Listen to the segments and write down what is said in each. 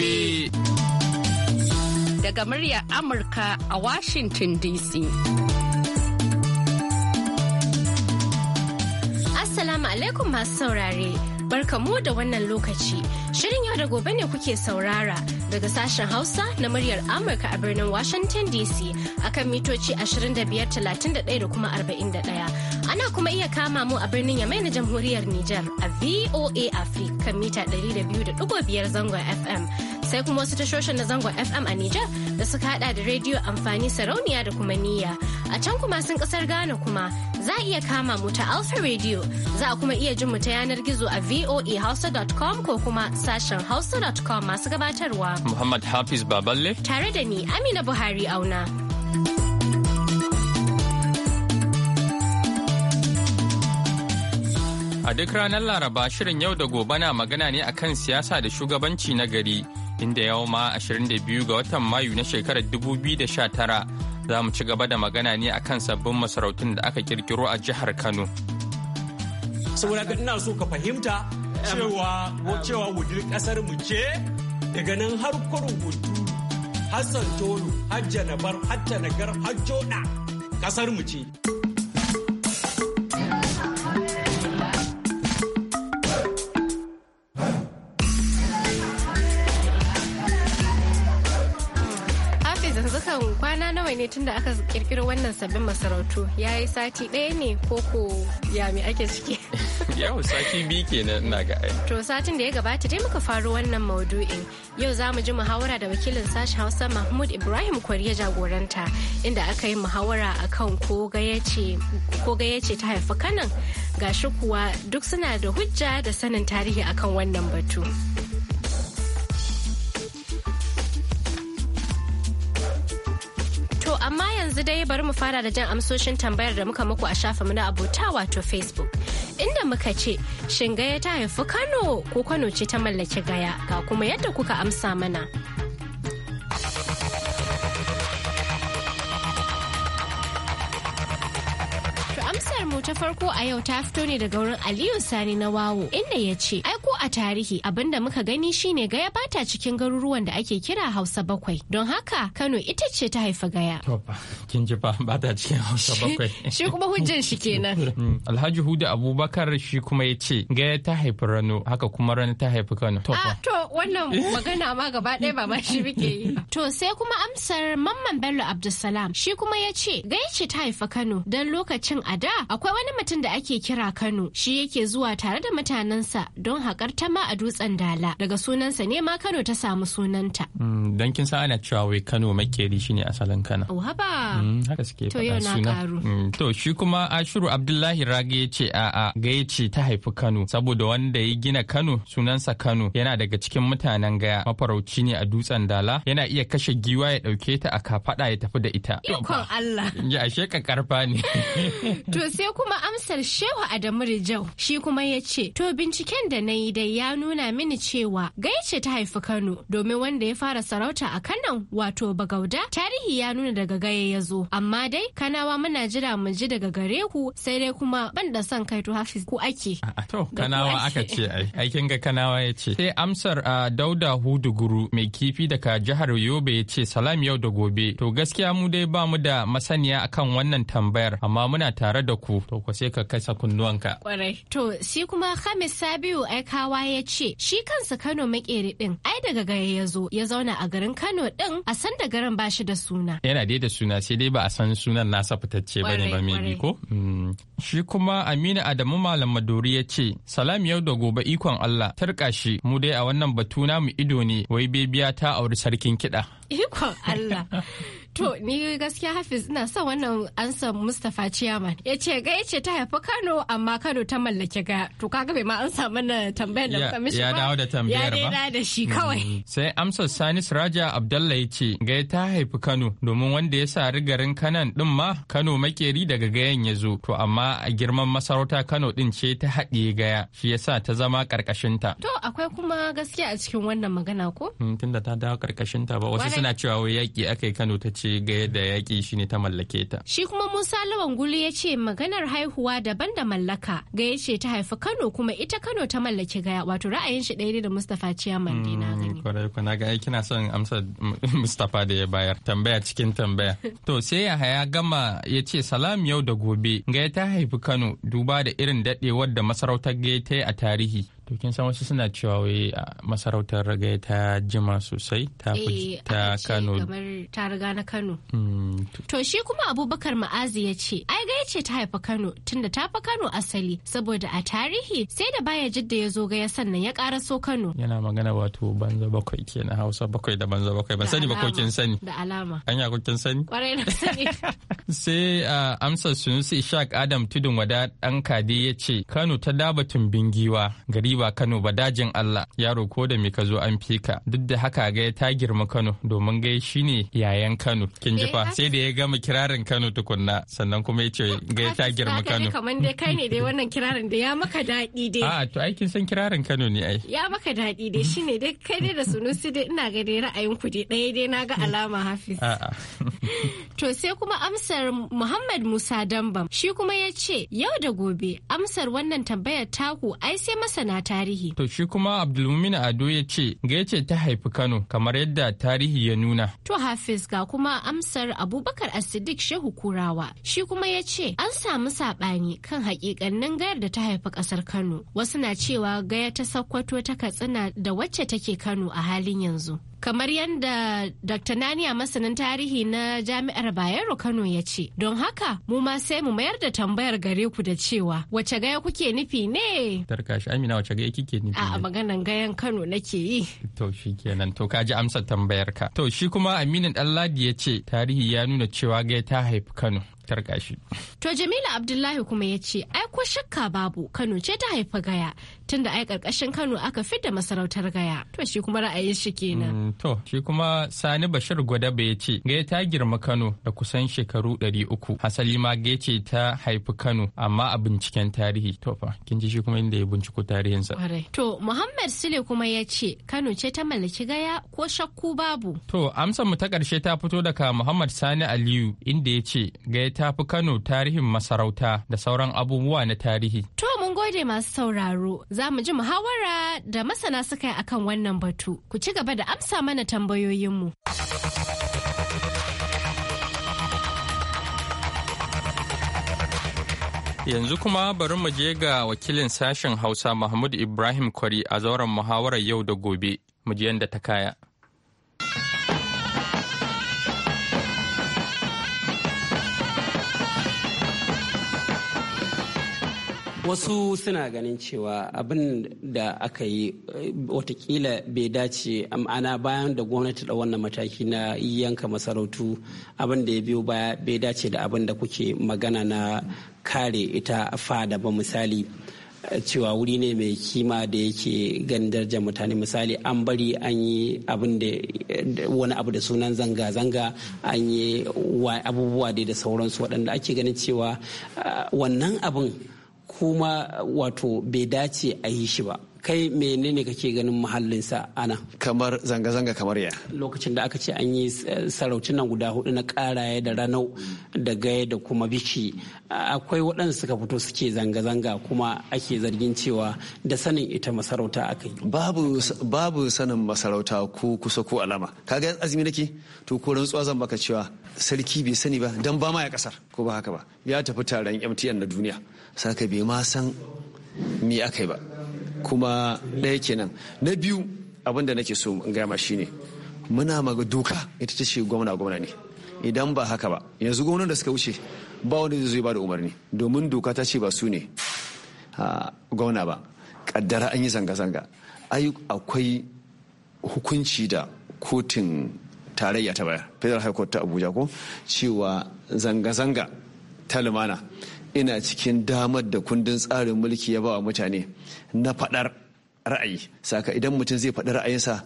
gobe. Daga muryar Amurka a Washington DC. Assalamu alaikum masu saurare. Barkamu da wannan lokaci. Shirin yau da gobe ne kuke saurara daga sashen Hausa na muryar Amurka a birnin Washington DC akan mitoci 25,31 da kuma 41. Ana kuma iya kama mu a birnin Yamai na Jamhuriyar Nijar a VOA Africa kan mita 200.5 zangon FM. sai kuma wasu tashoshin na zangon FM a Nijar da suka hada da rediyo amfani sarauniya da kuma niyya. A can kuma sun kasar Ghana kuma za a iya kama mu ta Alpha Radio za a kuma iya jin mu ta yanar gizo a voahausa.com ko kuma sashen hausa.com masu gabatarwa. Muhammad Hafiz Baballe. Tare da ni Amina Buhari Auna. A duk ranar Laraba shirin yau da gobe na magana ne akan siyasa da shugabanci na gari. inda yauma ma 22 ga watan mayu na shekarar 2019 za mu ci gaba da magana ne akan sabbin masarautun da aka kirkiro a jihar kano saboda ka ina so ka fahimta cewa cewa wudil kasar mu ce daga nan har kurubutu hassan tolu hajja janabar hatta nagar har kasar mu ce nawa ne tunda aka kirkiro wannan sabbin masarautu ya yi sati ɗaya ne ko ko ya ake ciki yau sati biyu kenan ina ga ai to satin da ya gabata dai muka faru wannan maudu'in yau za mu ji muhawara da wakilin sashi hausa mahmud ibrahim kwari jagoranta inda aka yi muhawara akan ko gayyace ta haifi kanan shi kuwa duk suna da hujja da sanin tarihi akan wannan batu. amma yanzu dai bari mu fara da jan amsoshin tambayar da muka muku a shafinmu na abota wato Facebook. Inda muka ce, shin gaya ta haifi Kano ko Kano ce ta mallaki gaya ga kuma yadda kuka amsa mana. ta farko a yau ta fito ne daga wurin Aliyu Sani na Wawo inda ya ce ai ko a tarihi abinda muka gani shine gaya bata cikin garuruwan da ake kira Hausa bakwai don haka Kano ita ce ta haifa gaya. kin ji ba bata cikin Hausa bakwai. Shi kuma hujjan shi kenan. Mm, Alhaji Hudu Abubakar shi kuma ya ce gaya ta haifi Rano haka kuma Rano ta haifi Kano. Ah, to wannan magana ma gaba ɗaya ba ma shi muke yi. To sai kuma amsar Mamman Bello Abdulsalam shi kuma ya ce gaice ta haifa Kano don lokacin a da akwai wani mutum da ake kira Kano shi yake zuwa tare da mutanensa don haƙar tama a dutsen Dala daga sunansa ne ma Kano ta samu sunanta. Mm, don kin san ana cewa wai Kano makeri ne asalin Kano. Oh, haba. Mm, haka suke To yau na karu. Mm, to shi kuma Ashiru Abdullahi Rage ya ce a'a gaice ta haifi Kano saboda wanda ya gina Kano sunansa Kano yana daga cikin sarkin mutanen gaya mafarauci ne a dutsen dala yana iya kashe giwa ya dauke ta a kafada ya tafi da ita ikon Allah ya ashe ka karfa ne to sai kuma amsar shehu Adamu Rijau shi kuma ya ce to binciken da na yi dai ya nuna mini cewa gaice ta haifi Kano domin wanda ya fara sarauta a Kano wato Bagauda tarihi ya nuna daga gaya ya zo amma dai Kanawa muna jira mu ji daga gare ku sai dai kuma ban da son kai to Hafiz ku ake to Kanawa aka ce ai aikin ga Kanawa ya ce sai amsar a Dauda Hudu guru mai kifi daga jihar Yobe ya ce salam yau da gobe. To gaskiya mu dai ba mu da masaniya akan wannan tambayar amma muna tare da ku to ku sai ka kasa kunnuwanka. Kwarai. To shi kuma Hamis Sabiu aikawa ya ce shi kansa Kano makeri din ai daga gaya ya zo ya zauna a garin Kano din a san da garin bashi da suna. Yana dai da suna sai dai ba a san sunan nasa fitacce bane ba mai ko. Mm. Shi kuma Aminu Adamu Malam Maduri ya ce salam yau da gobe ikon Allah tarka shi mu dai a wannan batu namu ido ne wai bebiya ta auri sarkin kiɗa. Ikon Allah. To ni gaskiya Hafiz ina son wannan ansa Mustapha Chairman. Ya ce ga ya ce ta haifi Kano amma Kano ta mallake ga. To k'a bai ma an samu na tambayar da muka mishi ba. Ya dawo da tambayar ba. Ya dawo da shi kawai. Mm-hmm. Sai amsar Sani Siraja Abdalla ya ce ga ta haifi Kano domin wanda ya sa garin Kanan din ma Kano makeri daga gayan ya zo. To amma a girman masarauta Kano din ce ta haɗe gaya shi ya sa ta zama ƙarƙashinta. To akwai kuma gaskiya a cikin wannan magana ko? Mm, tunda ta dawo ƙarƙashinta ba wasu suna cewa wai yaƙi aka yi Kano ta ce ga yadda yaƙi shi ne ta mallake ta. Shi kuma Musa Lawan Guli ya ce maganar haihuwa daban da mallaka ga ya ce ta haifi Kano kuma ita Kano ta mallake gaya wato ra'ayin shi ɗaya ne da Mustapha Ciyaman ne na gani. Mm, kwarai na ga kina son amsa Mustapha da ya bayar tambaya cikin tambaya. To sai haya gama ya ce salam yau da gobe ga ta haifi Kano duba da irin daɗewar da masarautar ga ta yi a tarihi. to kin san wasu suna cewa wai masarautar ragai ta jima sosai ta eh, ta kano kamar ta riga na kano hmm, to shi kuma abubakar ma'azi ya ce ai gaya ce ta haifa kano tunda ta fa kano asali saboda a tarihi sai da baya jidda ya zo gaya sannan ya karaso kano yana magana wato banza bakwai kenan hausa bakwai da banza bakwai ban sani ba ko kin sani da alama an ko kin sani kwarai na sani sai amsar sunusi ishaq adam tudun wada dan kade ya ce kano ta daba tumbin giwa gari ba Kano ba dajin Allah yaro ko da me ka zo an fika duk da haka ga ta girma Kano domin gai shine yayan Kano kin ji eh, fa sai da ya gama kirarin Kano tukunna sannan kuma ya ce gai ta girma Kano kaman dai kai ne dai wannan kirarin da ya maka daɗi dai a to aikin san kirarin Kano ne ai ya maka daɗi dai shine dai kai dai da sunusi dai ina ga dai ra'ayin ku dai dai dai naga alama Hafiz to sai kuma amsar Muhammad Musa Dambam shi kuma ya ce yau da gobe amsar wannan tambayar taku ai sai masana tarihi. To shi kuma Abdulmumin Ado ya ce Gece ta haifi Kano kamar yadda tarihi ya nuna. To Hafiz ga kuma amsar Abubakar Asidik Shehu Kurawa shi kuma ya ce an samu saɓani kan hakikannin gayar da ta haifi ƙasar Kano. Wasu na cewa gaya ta Sokoto ta Katsina da wacce take Kano a halin yanzu. kamar yadda dr naniya masanin tarihi na jami'ar bayero kano ya ce don haka mu ma sai mu mayar da tambayar gare ku da cewa wace gaya kuke nufi ne tarkashi amina wace gaya kike nufi a maganan gayan kano nake yi to shi kenan to kaji amsa tambayar ka to shi kuma aminu ɗanladi ya ce tarihi ya nuna cewa gaya ta haifi kano tarka shi. To Jamilu Abdullahi kuma ya ce ai ko shakka babu Kano ce ta haifa gaya tunda ai karkashin Kano aka fidda masarautar gaya. To shi kuma ra'ayin shi kenan. Mm, to shi kuma Sani Bashir Gwadaba ya ce gaya ta girma Kano da kusan shekaru ɗari uku. Hasali ma gaya ce ta haifi Kano amma a binciken tarihi. To fa kin ji shi kuma inda ya binciko tarihinsa. To Muhammad Sule kuma ya ce Kano ce ta mallaki gaya ko shakku babu. To amsar mu ta karshe ta fito daga Muhammad Sani Aliyu inda ya ce gaya ta fi Kano tarihin masarauta da sauran abubuwa na tarihi. To mun gode masu sauraro, za mu ji muhawara da masana suka yi akan wannan batu. Ku ci gaba da amsa mana tambayoyinmu. Yanzu kuma bari mu je ga wakilin sashen Hausa Mahmud Ibrahim Kwari a zauren muhawarar yau da gobe, mu ji yadda ta kaya. wasu suna ganin cewa abin da aka yi eh, watakila bai dace ma'ana bayan da gwamnati da wannan mataki na yanka masarautu abin da ya biyo baya bai dace da abin da kuke magana na kare ita fada ba misali eh, cewa wuri ne mai kima da yake ganin darajar mutane misali an bari an yi eh, wani abu da sunan zanga-zanga an yi abubuwa da sauransu waɗanda ake ganin cewa wannan abin kuma wato bai dace a yi shi ba kai menene kake ganin muhallinsa ana kamar zanga-zanga kamar ya lokacin da aka ce an yi eh, nan guda hudu na karaye da ranau da gaya da kuma biki akwai waɗanda suka fito suke zanga-zanga kuma ake zargin cewa da sanin ita masarauta aka yi babu babu sanin masarauta ko kusa ko alama kaga azumi nake to ko rantsuwa zan baka cewa sarki bai sani ba dan ba ma ya kasar ko ba haka ba ya tafi taron MTN na duniya saka bai ma san me aka yi ba kuma ɗaya kenan na biyu abin da nake so in gama shine muna maga doka ita ta ce gwamna gwamna ne idan ba haka ba yanzu gwamnan da suka wuce ba wani da zai ba da umarni domin doka ta ce ba su ne gwamna ba kaddara an yi zanga-zanga ai akwai hukunci da kotun tarayya ta baya federal high court ta abuja ko cewa zanga-zanga ta lumana ina cikin damar da kundin tsarin mulki ya ba wa mutane na faɗar ra'ayi saka idan mutum zai faɗi ra'ayinsa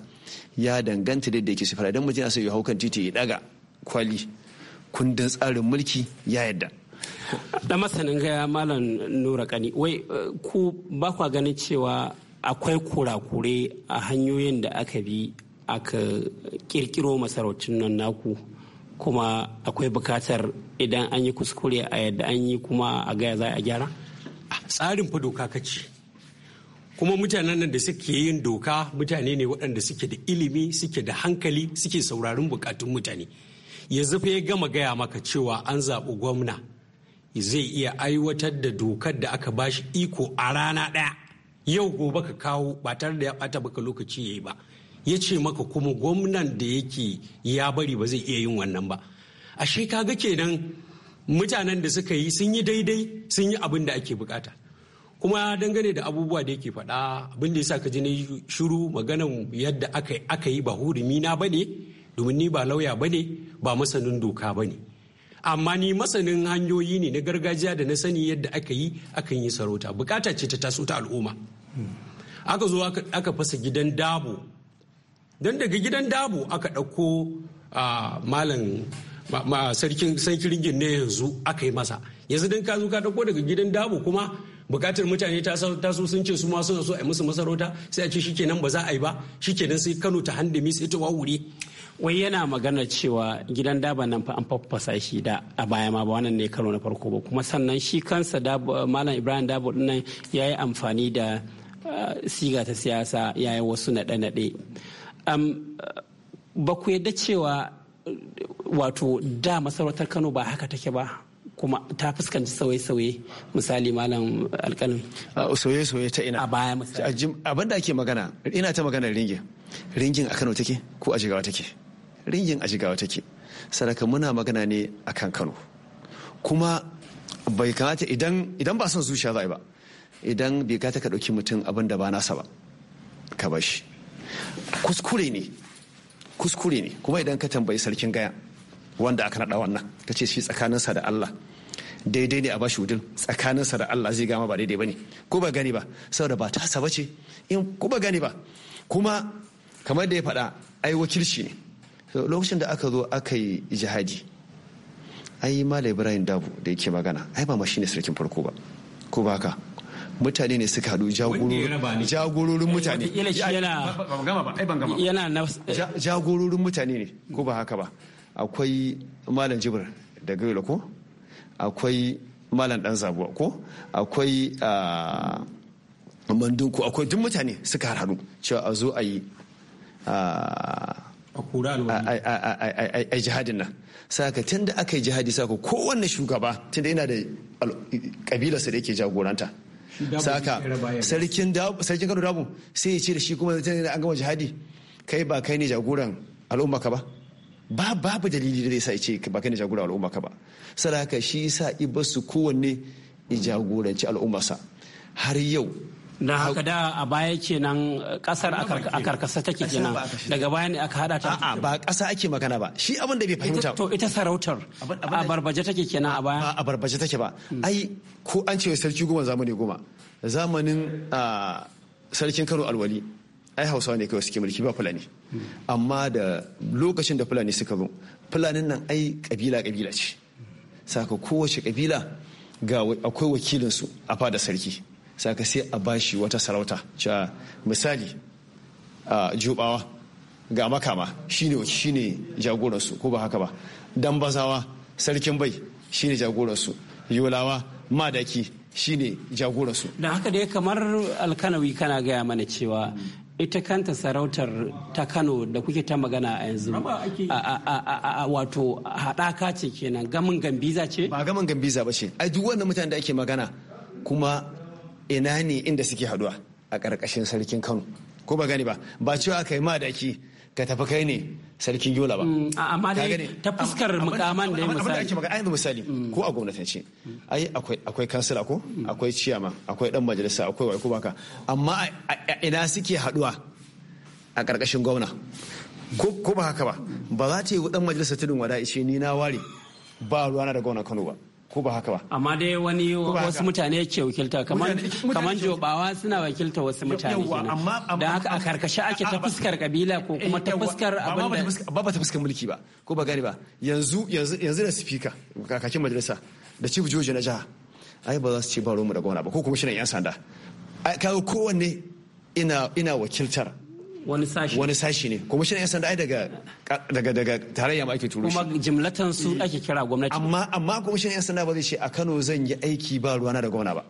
ya danganta da yake shi faɗa idan mutum yana so ya hau kan titi ya daga kwali kundin tsarin mulki ya yadda da masanin gaya malam nura kani wai eh, ku ba kwa ganin cewa akwai kurakure a hanyoyin da aka bi aka kirkiro masarautun nan naku kuma akwai bukatar idan an yi kuskure a yadda an yi kuma a gaya za a gyara? Ah, tsarin fa doka ce kuma mutanen da suke yin doka mutane ne waɗanda suke da ilimi suke da hankali suke saurarin bukatun mutane yanzu fa ya gama gaya maka cewa an zaɓi gwamna zai iya aiwatar da dokar da aka bashi iko a rana ɗaya yau gobe ka kawo ba tare da ya ɓata baka lokaci ya yi ba ya ce maka kuma gwamnan da yake ya bari ba zai iya yin wannan ba ashe kaga kenan mutanen da suka yi sun yi daidai sun yi abin da ake bukata kuma dangane da abubuwa da yake faɗa abin da yasa ka ji ni shiru maganan yadda aka yi ba hurumi na ne domin ni ba lauya ba ne ba masanin doka ba ne amma ni masanin hanyoyi ne na gargajiya da na sani yadda aka yi akan yi sarauta bukata ce ta taso ta al'umma aka zo aka fasa gidan dabo don daga gidan dabo aka ɗauko malam sarkin ringin ne yanzu aka yi masa yanzu don ka zo ka ɗauko daga gidan dabo kuma bukatar mutane ta so sun ce su ma suna so a yi musu masarauta sai a ce shikenan ba za a yi ba shi shikenan sai kano ta hande mis ita wuri wai yana magana cewa gidan daba nan fa an faffasa shi da a baya ma ba wannan ne karo na farko ba kuma sannan shi kansa malam ibrahim dabo dinnan ya yi amfani da siga ta siyasa ya yi wasu naɗe-naɗe ba ku yadda cewa wato da masarautar kano ba haka take ba kuma ta fuskanci sauye-sauye misali malam alkalin sauye-sauye ta ina a baya misali abin da ake magana ina ta magana ringin ringin a kano take ko a jigawa take ringin a jigawa take sadaka muna magana ne a kan kano kuma bai kamata idan ba son zuciya za ba idan bai ka ka ɗauki mutum abin da ba nasa ba ka bashi kuskure ne kuskure ne kuma idan ka tambayi sarkin gaya wanda aka naɗa wannan ka ce shi tsakaninsa da Allah daidai ne a bashi wudin tsakaninsa da Allah zai gama ba daidai ba ne ko ba gani ba saboda ba tasa ba ce in ko ba gani ba kuma kamar da ya faɗa ai wakilci ne lokacin da aka zo aka yi jihadi ai malam ibrahim dabu da yake magana ai ba mashi ne sarkin farko ba ko ba haka mutane ne suka haɗu jagororin eh, mutane jagororin mutane ne ko ba haka ba akwai malam jibir da gaila ko akwai malam dan zabuwa ko akwai ah, mandunku akwai duk mutane suka haɗu cewa a zo a yi ah, a jihadin nan saka tun da aka yi jihadi saka kowanne shugaba tun da yana da kabilarsa da yake jagoranta saka sarkin kano dabu sai ya ce da shi kuma an gama jihadi kai ba kai ne jagoran al'umma ka ba ba babu dalili da zai sa ce ba kai ne jagoran al'umma ka ba saraka shi sa ibasu kowanne ya jagoranci al'ummarsa har yau da haka da a baya kenan kasar a karkasa take kenan daga baya ne aka hada ta a'a ba kasa ake magana ba shi abin da bai fahimta to ita sarautar a barbaje take kenan a baya a barbaje take ba hmm. ai ko an ce sarki goma zamani goma zamanin sarkin Kano alwali ai hausawa ne kawai suke mulki ba fulani hmm. amma da lokacin da fulani suka zo fulanin nan ai kabila kabila ce saka kowace kabila ga akwai wakilinsu a fada sarki saka sai a bashi wata sarauta cewa misali a jubawa ga makama shine shine jagoransu ko ba haka ba dan bazawa sarkin bai shine jagoransu yolawa madaki shine jagoransu da haka dai kamar alkanawi kana gaya mana cewa ita kanta sarautar ta kano da kuke ta magana a yanzu wato haɗaka ce kenan gamin gambiza ce ba gamin gambiza ba ce ai duk wannan mutane da ake magana kuma ina ne inda suke haduwa a ƙarƙashin sarkin kano ko ba gani ba ba cewa ka ma da ka tafi kai ne sarkin yola ba mm, amma dai ta fuskar mukaman da misali abin da ake misali mm. ko a gwamnatance ai akwai akwai kansila ko mm. akwai ciyama akwai dan majalisa akwai wai ko baka amma ina suke haduwa a ƙarƙashin gwamna ko ba haka ba ba za ta yi dan majalisa tudun wada ishe ni na ware ba ruwana da gwamna Kano ba ko ba haka ba amma dai wani wasu mutane ke wakilta kaman kaman jobawa suna wakilta wasu mutane da haka a karkashi ake ta fuskar kabila ko kuma ta eh, fuskar abinda ba ba ta fuskar mulki ba ko ba gani ba yanzu yanzu yanzu da speaker kakakin majalisa da chief joji na jiha ai ba za su ce ba mu da gwamna ba ko kuma shi yan sanda kawo kowanne ina ina wakiltar wani sashi wani sashi ne kwamishinan yan sanda ai daga daga daga tarayya ma ake turo kuma jimlatan su eh. ake kira gwamnati amma amma kwamishinan yan sanda ba zai ce a Kano zan yi aiki ba ruwana da gwamna ba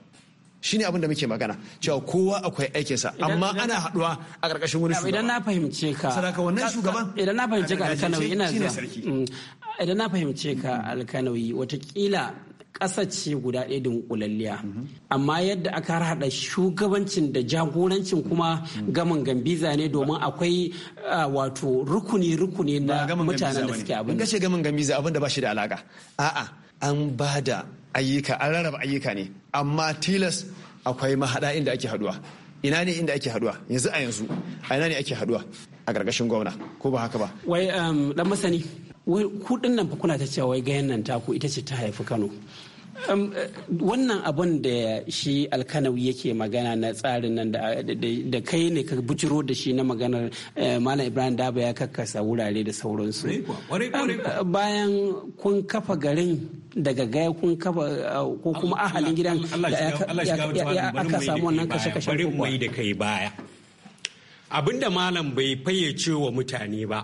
shine abin da muke magana cewa kowa akwai aikinsa amma ana haduwa a karkashin wani shugaba idan na fahimce ka sadaka wannan shugaban mm, idan na fahimce ka alkanawi ina zuwa idan na fahimce ka alkanawi watakila ƙasa ce guda ɗaya dunkulalliya mhm. amma yadda aka haɗa shugabancin da jagorancin kuma mhm. gaman gambiza ne domin akwai wato rukuni rukuni na mutanen da suke abin kace gaman gambiza abin da ba shi da alaƙa. a'a an ba da ayyuka an rarraba ayyuka ne amma tilas akwai mahaɗa inda ake haduwa ina ne inda ake haduwa yanzu a yanzu a ina ne ake haduwa a gargashin gwamna ko ba haka ba wai dan um, masani wai kudin nan fa kuna ta cewa wai gayan nan taku ita ce ta haifi Kano Um, eh, wannan abun da shi alkanawi yake magana na tsarin nan da kai ne ka bujiro da shi na maganar eh, malam ibrahim daba ya kakkasa wurare da sauransu um, bayan kun kafa garin daga gaya kun kafa uh, ko kuma ahalin gidan ya aka samu wannan kashe-kashen abin da malam bai fayyace wa mutane ba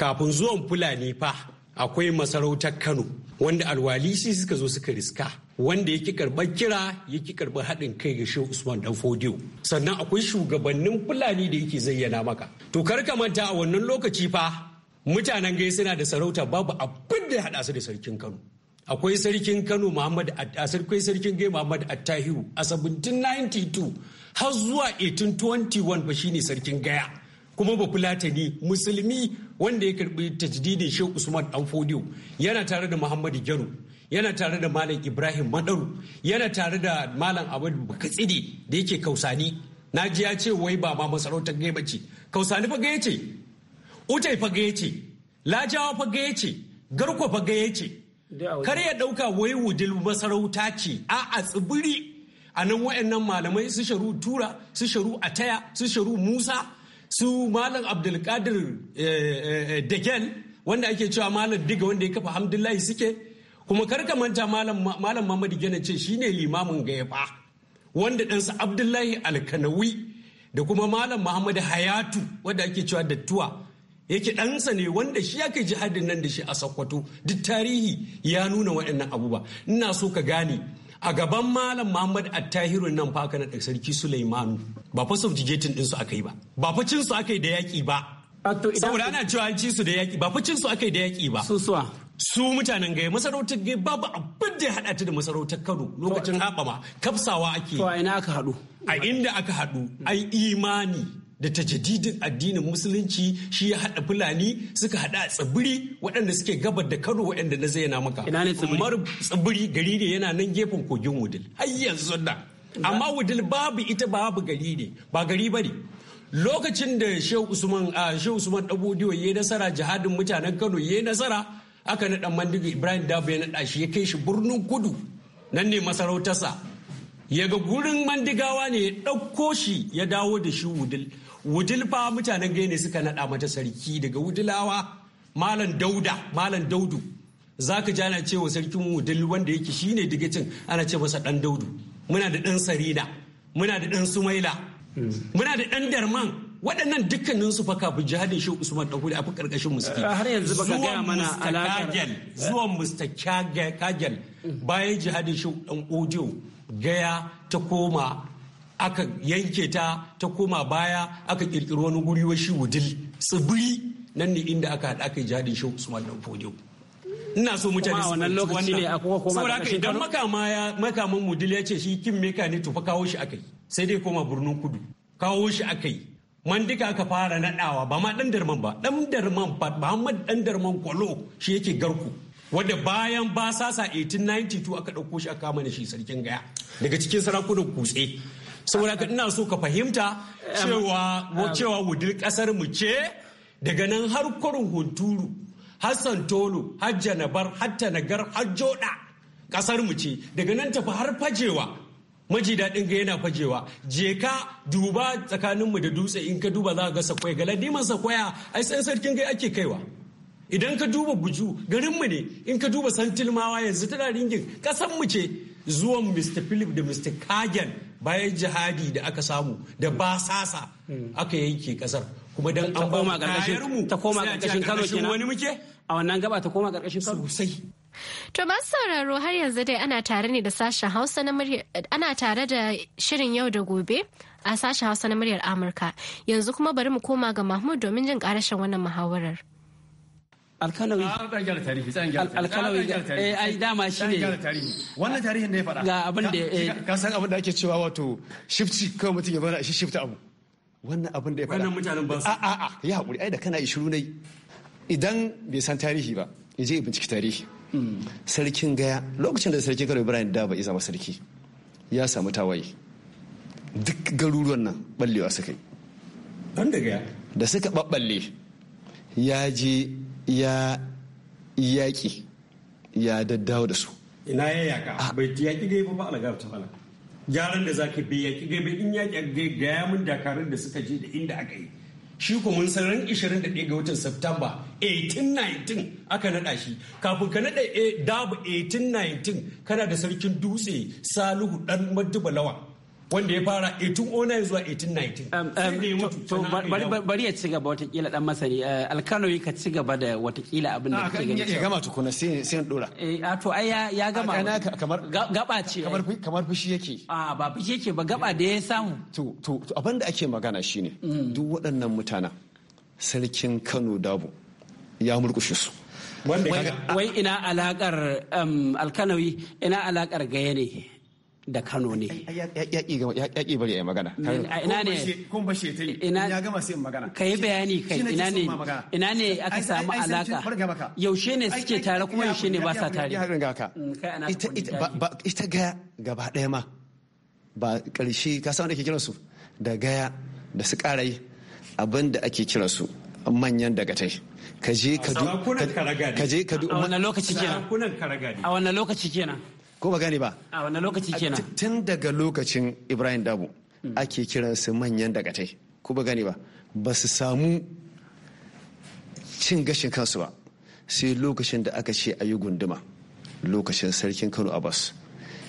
kafin zuwan fulani fa akwai masarautar kano wanda alwalisi suka zo suka riska wanda yake karɓar kira yake karɓar haɗin kai ga shehu usman dan fodiyo sannan akwai shugabannin fulani da yake zayyana maka to kar ka manta a wannan lokaci fa mutanen gai suna da sarauta babu abin da ya haɗa su da sarkin kano akwai sarkin kano muhammad akwai sarkin gai muhammad attahiru a 1792 har zuwa 1821 ba shine sarkin gaya kuma ba musulmi wanda ya karbi tajdidin shehu usman dan fodiyo yana tare da muhammadu gero yana tare da malam ibrahim madaru yana tare da malam abadu bakatsidi da yake kausani na ji ya ce wai ba ma masarautar gaiba ce kausani fa gaya ce utai fa gaya ce lajawa fa gaya ce garko fa gaya ce kar ya dauka wai wudil masarauta ce a a tsibiri a nan wa'annan malamai su sharu tura su sharu ataya su sharu musa su malam abdulkadir eh, eh, dagel wanda ake cewa malam diga wanda ya kafa hamdullahi suke kuma karka manta malam mamadu gana ce shine limamin gayafa wanda ɗansa abdullahi alkanawi da kuma malam muhammadu hayatu wanda ake cewa dattuwa yake ɗansa ne wanda shi ya kai jihadin nan da shi a sakkwato duk tarihi ya nuna waɗannan abubuwa ina so ka gane a gaban malam muhammad attahiru nan fa aka naɗa sarki suleimanu ba fa subjugating su aka yi ba ba fa cin su aka yi da yaƙi ba saboda ana cewa an ci su da yaƙi ba fa cin su aka yi da yaƙi ba susuwa su mutanen gaya masarautar gaya babu abin da ya haɗa ta da masarautar kano lokacin haɓama kafsawa ake to a ina aka haɗu a inda aka haɗu ai imani da tajadidin addinin musulunci shi ya haɗa fulani suka haɗa a tsibiri waɗanda suke gabar da kano waɗanda na zayyana maka ina tsibiri umar gari ne yana nan gefen kogin wudil har yanzu da amma wudil babu ita babu gari ne ba gari ba lokacin da shehu usman shehu usman dabodiyo ya nasara jihadin mutanen kano ya nasara aka naɗa mandigo ibrahim dabo ya naɗa shi ya kai shi birnin kudu nan ne masarautarsa ya ga gurin mandigawa ne ya ɗauko shi ya dawo da shi wudil wudilfa mutanen gai suka naɗa mata sarki daga wudilawa malam dauda malam daudu za ka ji ana cewa sarkin wudil wanda yake shine digicin ana ce masa ɗan daudu muna da ɗan sarina muna da ɗan sumaila muna da ɗan darman waɗannan dukkanin su faka bu jihadin shi usman dan a fi karkashin musulmi har yanzu baka ga mana alakar zuwan mr kagel bayan jihadin shi dan ojo gaya ta koma aka yanke ta ta koma baya aka kirkiri wani guri wa shi wudil tsibiri nan ne inda aka haɗa aka jihadin shi Usman dan Fodio ina so mutane su wannan lokaci ne a kuma koma saboda idan makama ya makaman wudil ya ce shi kin meka ne to fa kawo shi akai sai dai koma birnin kudu kawo shi akai man duka aka fara nadawa ba ma dan darman ba dan darman ba Muhammad dan darman kwalo shi yake garku wadda bayan sasa 1892 aka ɗauko shi aka kama da shi sarkin gaya daga cikin sarakunan kutse saboda ina so ka fahimta cewa cewa wudil kasar mu ce daga nan har kurin hunturu har hajja na bar hatta na gar joda kasar mu ce daga nan tafi har fajewa maji daɗin ga yana fajewa je ka duba tsakaninmu da dutse in ka duba za ka ga sakwai ladiman sakwaya ai san sarkin gai ake kaiwa idan ka duba buju garinmu ne in ka duba santilmawa yanzu tana ringin mu ce zuwan mr philip da mr kagan bayan jihadi da aka samu da hmm. basasa hmm. aka yanke kasar kuma dan an ba mu ta koma karkashin Kano kenan wani muke a wannan gaba ta koma karkashin Kano sosai To masu sauraro har yanzu dai ana tare ne da sashen Hausa na murya ana tare da shirin yau da gobe a sashen Hausa na muryar Amurka yanzu kuma bari mu koma ga Mahmud domin jin karashin wannan muhawarar. alkalawi an gyara tarihi sai an gyara alkalawi eh ai dama shine wannan tarihin da ya faɗa ga abin da eh. ka san abin da ake cewa wato shifci kawai mutum ya bana shi shifta abu wannan abin da ya faɗa wannan mutanen ba su a a ya hakuri ai da kana yi shiru nai idan bai san tarihi ba ya je ya binciki tarihi sarkin gaya lokacin da Sarki kano ibrahim da ba isa sarki ya samu tawaye duk garuruwan nan ballewa suka yi da suka ɓaɓɓalle. ya je ya yaƙi ya daddawo da su ina ya yaka ah. bai yaƙi gai ba alaga ta bala gyaran da zaka bi yaƙi gai bai in yaƙi gai gaya min dakarun da suka je da inda aka yi shi ko mun san ran 21 ga watan Septamba 1819 aka nada shi kafin ka nada dabu 1819 kana da sarkin dutse Salihu dan Madubalawa wanda ya fara 1809 zuwa 1819 um, um, bari ya ci gaba watakila dan masani uh, alkano ka ci gaba da watakila abin da ah, kake gani ya gama tukuna sai sai dora eh a ah, to ai ya gama kamar gaba ce kamar eh. kamar fushi yake a ah, ba fushi yake ba gaba da ya samu to to abin da ake magana shine mm. duk waɗannan mutanen sarkin Kano Dabo ya murkushe su wai ina alakar um, alkanawi ina alakar gaya ne da Kano ne. Yaƙi bari a yi magana. Mm, ina ne? Kun bashe ta yi. Ya gama sai magana. Ka yi bayani kai ina ne? Ina ne aka samu alaka? Yaushe ne suke tare kuma yaushe ne ba sa tare? Mm, ita gaya gaba ɗaya ma ba ƙarshe ka san da ke kiransu da gaya da su ƙarai abin da ake kiransu manyan daga tai. Kaje ka du. A wannan lokaci kenan. A wannan lokaci kenan. ko ba gane ba a wannan lokaci kenan tun daga lokacin ibrahim dabo hmm. ake kiran su manyan dagatai ko ba gane ba ba su samu cin gashin kansu ba sai lokacin da aka ce a yi gunduma lokacin sarkin kano abbas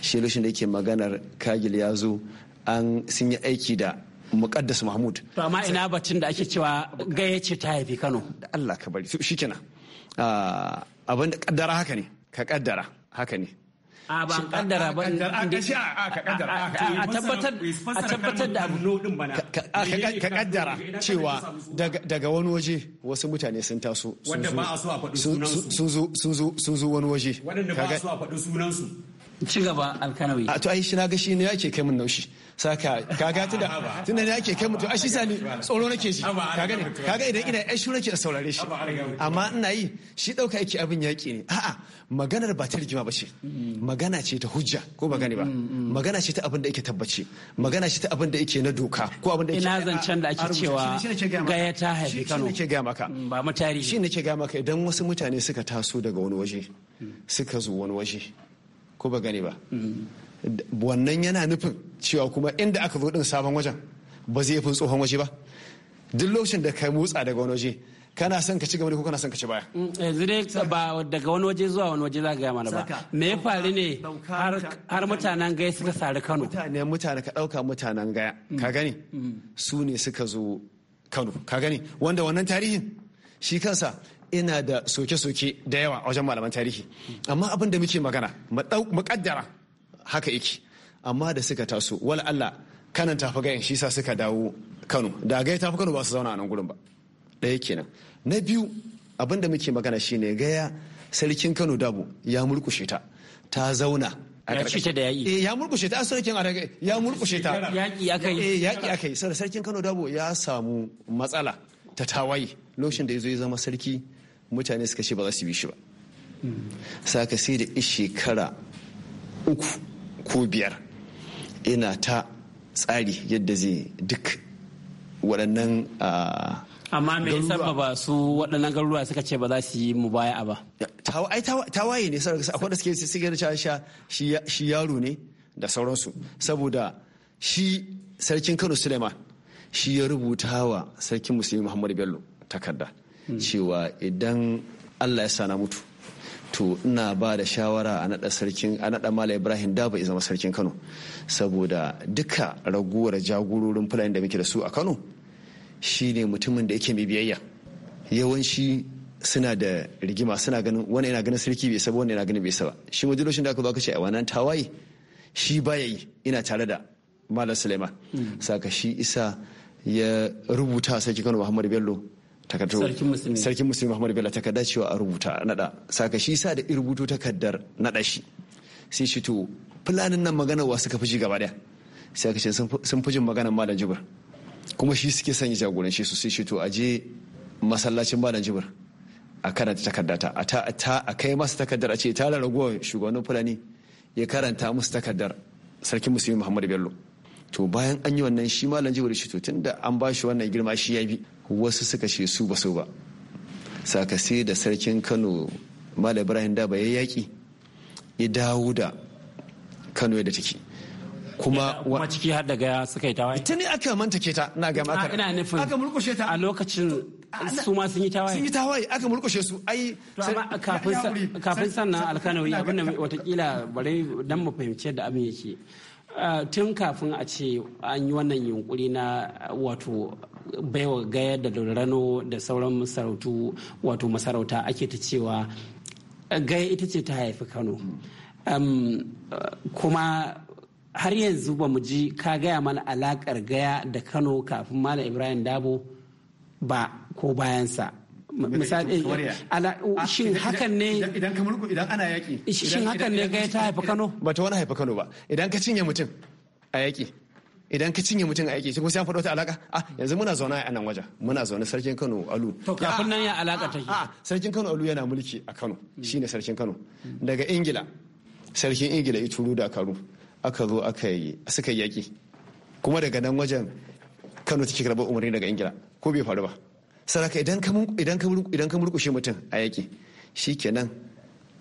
shi lokacin da yake maganar kagil ya zo an sun yi aiki da muqaddas mahmud to amma ina batun da ake cewa gayyace ce ta haifi kano da allah ka bari shikenan ah, abin da kaddara haka ne ka kaddara haka ne a ba kaddara ba a ka kaddara a tabbatar a tabbatar da abu nodin bana ka kaddara cewa daga wani waje wasu mutane sun taso sun zo wani waje wanda ba su a faɗi sunansu ci gaba alkanawi a to ai shi na ga shi ne yake kai mun naushi saka kaga tunda tunda ne yake kai mun to ai shi sani tsoro nake shi kaga ne kaga idan ina ai shi nake da saurare shi amma ina yi shi dauka yake abin yaki ne a'a maganar ba ta rigima ba ce magana ce ta hujja ko ba gane ba mm, mm, mm. magana ce ta abin da yake tabbaci magana ce ta abin da yake na doka ko abin da yake ina zancen da ake cewa gaya ta haifi Kano shi nake ga maka ba mutari tarihi shi nake ga maka idan wasu mutane suka taso daga wani waje suka zo wani waje ko ba gani ba mm-hmm. wannan yana nufin cewa kuma inda aka zo din sabon wajen ba zai fi tsohon waje ba duk lokacin da ka motsa daga wani waje kana son ka ci gaba ko kana son ka ci baya. Mm, yanzu ne ba daga wani waje zuwa wani waje za ga mana ba me ya faru ne har mutanen gaya suka sari kano mutane mutane ka dauka mutanen gaya mm. ka gani mm. su ne suka zo kano ka gani wanda wannan tarihin shi kansa ina da soke-soke da yawa a wajen malaman tarihi amma abin da muke magana muƙaddara haka yake amma da suka taso wala Allah kanan tafi gayan shi sa suka dawo Kano da gaya tafi Kano ba su zauna a nan gurin ba ɗaya kenan na biyu abin da muke magana ne gaya sarkin Kano dabo ya murkushe ta ta zauna ya ci ta da yaƙi eh, ya murkushe ta sarkin ya murkushe ta yaƙi eh, sarkin Kano dabo ya samu matsala ta tawaye lokacin da ya zo ya zama sarki mutane suka ce ba za su bi shi ba saka sai da shekara uku ko biyar ina ta tsari yadda zai duk waɗannan amma me ya ba ba su waɗannan garuruwa suka ce ba za su yi mu baya ba ai tawaye ne sarki akwai da suke sigar sha shi yaro ne da sauransu saboda shi sarkin Kano Suleiman shi ya rubuta wa sarkin Musulmi Muhammadu Bello takarda Hmm. cewa idan allah ya sana mutu to ina ba da shawara a naɗa sarkin a naɗa mala ibrahim da bai zama sarkin kano saboda duka raguwar jagororin fulani da muke da su a kano shine mutumin da yake mai biyayya yawanci suna da rigima suna ganin wani yana ganin sarki bai saba wani yana ganin bai saba shi majalishin da aka baka ce a wannan tawaye shi baya yi ina tare da malam suleiman hmm. saka shi isa ya rubuta sarki kano muhammadu bello takardar sarkin musulmi Muhammadu Bello takarda cewa a rubuta nada saka shi sa da rubuto takardar nada shi sai shi to fulanin nan magana wa suka fi gaba daya sai ka ce sun fi magana maganar malam jibir kuma shi suke sanya jagoranci su sai shi to aje masallacin malam jibir a karanta takardata a ta a kai masa takardar a ce ta raguwa shugabannin fulani ya karanta musu takardar sarkin musulmi Muhammadu Bello to bayan an yi wannan shi malam jibril shi to tunda an ba shi wannan girma shi ya bi wasu suka ce su ba so ba saka sai da sarkin kano malam ibrahim da ba ya yaki ya dawo da kano da take kuma kuma ciki har daga suka yi tawaye ita ne aka manta ke ta na ga maka ah, ina nufin aka mulkushe ta a lokacin su ma sun yi tawaye sun yi tawaye aka mulkushe su ai kafin sannan alkanawi abin da watakila bare dan mu fahimci yadda abin yake Eh, tun kafin a ce an yi wannan yunkuri na wato baiwa gayar da rano da sauran masarautu wato masarauta ake ta cewa gaya ita ce ta haifi kano kuma har yanzu ba mu ji ka gaya mana alakar gaya da kano kafin malam ibrahim dabo ba ko bayansa misali eh, shin hakan ne idan kamar idan ana yaki shin hakan ne ga ta haifa Kano ba ta wani haifa Kano ba idan ka cinye mutum a yaki idan ka cinye mutum a aiki sai kuma sai an faɗo ta alaka a ah, yanzu muna zaune a nan wajen muna zaune sarkin Kano Alu to kafin nan ya alaka take ah, ah, sarkin Kano Alu yana mulki a Kano shine sarkin Kano daga Ingila sarkin Ingila ya turo karu aka zo aka yi suka yaki kuma daga nan wajen Kano take karɓar umarni daga Ingila ko bai faru ba saraka idan ka murkushe mutum a yaƙi kenan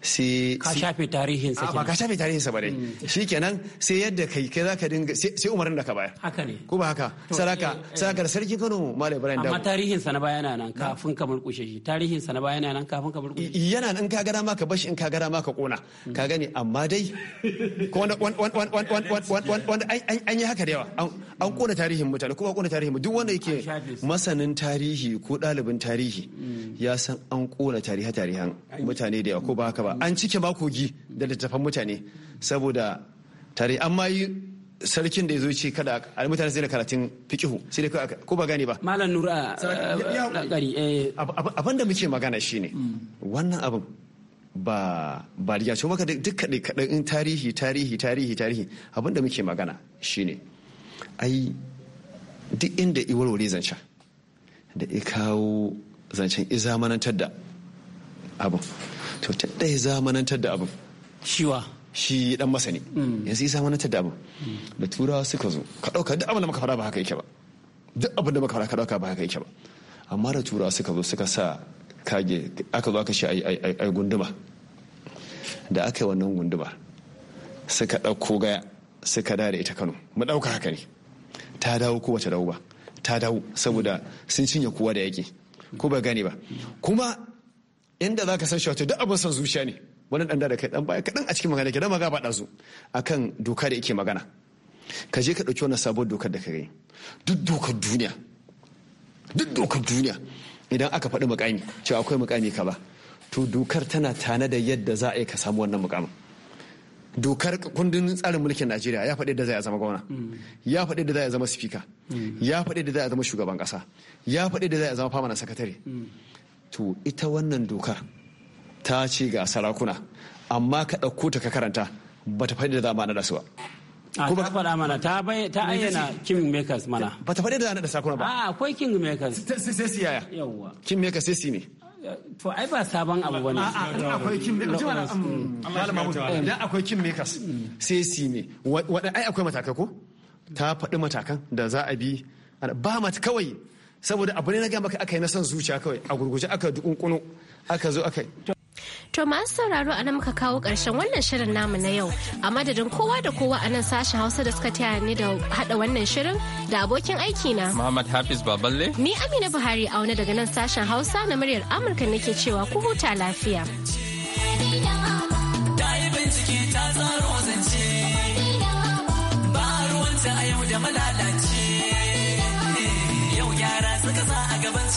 sai ka shafe tarihin sa ba ka shafe tarihin sa ba dai shikenan sai yadda kai kai zaka dinga sai umarin da ka baya haka ne ko ba haka saraka saraka da sarki Kano Malam Ibrahim Dawo amma tarihin sa na baya yana nan kafin ka murkushe shi tarihin sa na baya yana nan kafin ka murkushe yana nan ka gara ma ka bashi in ka gara ma ka kona ka gani amma dai ko wanda an yi haka da yawa an kona tarihin mutane kuma kona tarihin mu duk wanda yake masanin tarihi ko dalibin tarihi ya san an kona tarihi tarihan mutane da yawa ko ba haka ba an cike makogi da littattafan mutane saboda tare amma yi sarkin da ya zo ce kada a mutane sai da karatun fikihu sai da ko ba gane ba malam nura eh, gari eh. abin da muke magana shine mm. wannan abin ba ba riya ce maka duk kaɗai kaɗai in tarihi tarihi tarihi tarihi abin da muke magana shine ai duk inda iwarware zancen da ya kawo zancen izamanantar da abin to ta ɗaya zamanantar da abin shiwa shi dan masani mm. yanzu ya zamanantar da abin mm. da turawa suka zo ka ɗauka duk abin da muka fara ba haka yake ba duk abin da muka fara ka ɗauka ba haka yake ba amma da turawa suka zo suka sa kage aka zo aka shi ai gunduma da aka yi wannan gunduma suka ɗauko gaya suka da da ita kano mu ɗauka haka ne ta dawo ko bata dawo ba ta dawo saboda sun cinye kowa da yake ko ba gane ba kuma inda za ka san shi wato duk abin son zuciya ne wani ɗan da kai ɗan baya kaɗan a cikin magana ke dan maga ba su akan doka da yake magana ka je ka ɗauki wannan sabon dokar da ka gani duk dokar duniya duk dokar duniya idan aka faɗi mukami cewa akwai mukami ka ba to dokar tana tana da yadda za a yi ka samu wannan mukamin dokar kundin tsarin mulkin najeriya ya faɗi da zai zama gwamna ya faɗi da zai zama sifika ya faɗi da zai zama shugaban ƙasa ya faɗi da zai zama famanan sakatare to ita wannan dokar ta ce ga sarakuna amma ka ɗauko ta ka karanta ba ta faɗi da za na naɗa su ba. kuma ta faɗa mana ta ayyana king makers mana ba ta faɗi da za na naɗa ba a akwai king makers sai si yaya yawwa king makers sai si ne to ai ba sabon abu bane akwai king makers um, idan akwai king makers sai si ne ai akwai matakai ko ta faɗi matakan da za a bi ba mata kawai saboda abu ne na gama kai aka yi na son zuciya kawai a gurguje aka dukunkunu aka zo aka yi To masu sauraro a nan muka kawo ƙarshen wannan shirin namu na yau a madadin kowa da kowa a nan sashen Hausa da suka taya ni da haɗa wannan shirin da abokin aiki na. Muhammad Hafiz Baballe. Ni Amina Buhari a wani daga nan sashen Hausa na muryar Amurka nake cewa ku huta lafiya. Ta zaro zance ba ruwanta a yau da malalace.